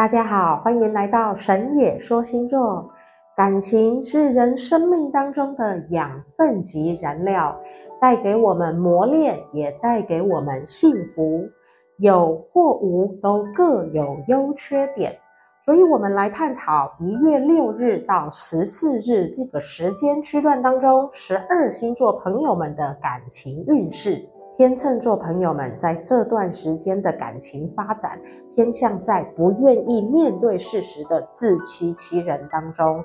大家好，歡迎來到神野說星座。感情是人生命當中的養分及燃料，帶給我們磨練，也帶給我們幸福。有或無都各有優缺點，所以我們來探討一月六日到十四日這個時間區段當中，十二星座朋友們的感情運勢。天秤座朋友們，在這段時間的感情發展偏向在不願意面對事實的自欺欺人當中，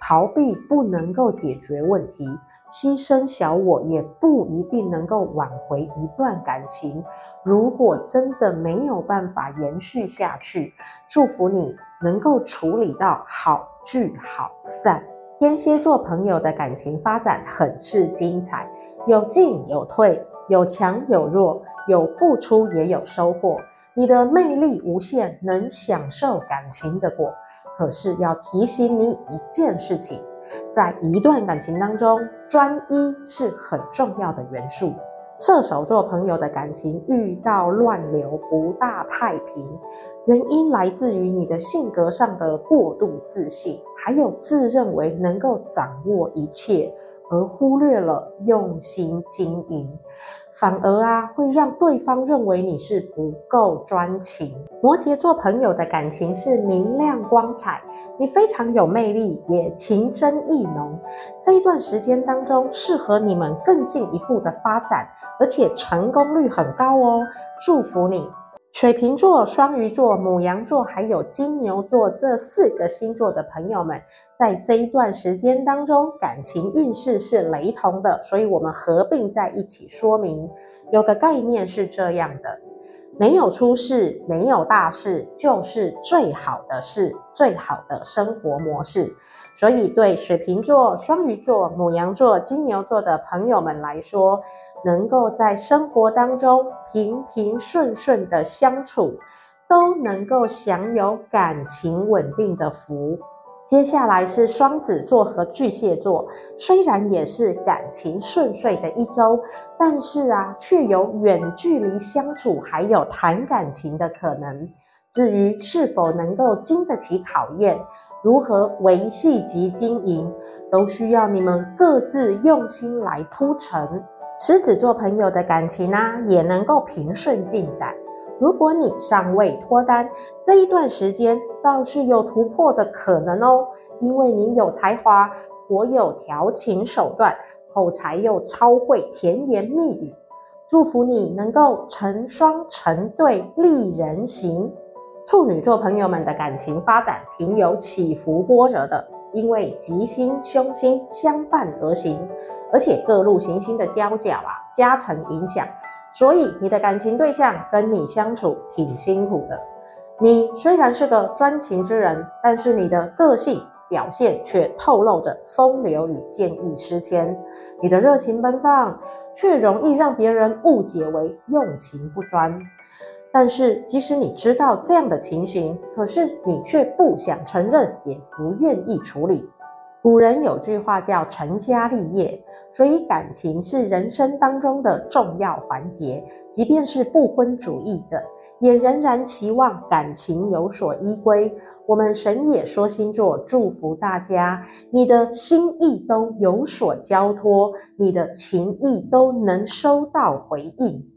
逃避不能夠解決問題，犧牲小我也不一定能夠挽回一段感情。如果真的沒有辦法延續下去，祝福你能夠處理到好聚好散。天蠍座朋友的感情發展很是精彩，有進有退，有強有弱，有付出也有收穫。你的魅力無限，能享受感情的果。可是要提醒你一件事情，在一段感情當中，專一是很重要的元素。射手座朋友的感情遇到亂流，不大太平，原因來自於你的性格上的過度自信，還有自認為能夠掌握一切。而忽略了用心經營，反而啊會讓對方認為你是不夠專情。摩羯座朋友的感情是明亮光彩，你非常有魅力，也情真意濃。這一段時間當中，適合你們更進一步的發展，而且成功率很高哦，祝福你。水瓶座、雙魚座、牡羊座，還有金牛座這四個星座的朋友們，在這一段時間當中，感情運勢是雷同的，所以我們合併在一起說明。有個概念是這樣的。沒有出事，沒有大事，就是最好的事，最好的生活模式。所以，對水瓶座、雙魚座、牡羊座、金牛座的朋友們來說，能夠在生活當中平平順順的相處，都能夠享有感情穩定的福。接下來是雙子座和巨蟹座，雖然也是感情順遂的一周，但是啊，卻有遠距離相處還有談感情的可能。至於是否能夠經得起考驗，如何維繫及經營，都需要你們各自用心來鋪陳。獅子座朋友的感情啊，也能夠平順進展。如果你尚未脫單，這一段時間倒是有突破的可能哦，因為你有才華，我有調情手段，口才又超會甜言蜜語，祝福你能夠成雙成對，利人行。處女座朋友們的感情發展挺有起伏波折的，因為吉星凶星相伴而行，而且各路行星的交角啊，加成影響。所以，你的感情對象跟你相處挺辛苦的。你雖然是個專情之人，但是你的個性表現卻透露着風流與見異思遷。你的熱情奔放，卻容易讓別人誤解為用情不專。但是，即使你知道這樣的情形，可是你卻不想承認，也不願意處理。古人有句話叫“成家立業”，所以感情是人生當中的重要環節。即便是不婚主義者，也仍然期望感情有所依歸。我們「神野說星座」祝福大家，你的心意都有所交托，你的情意都能收到回應。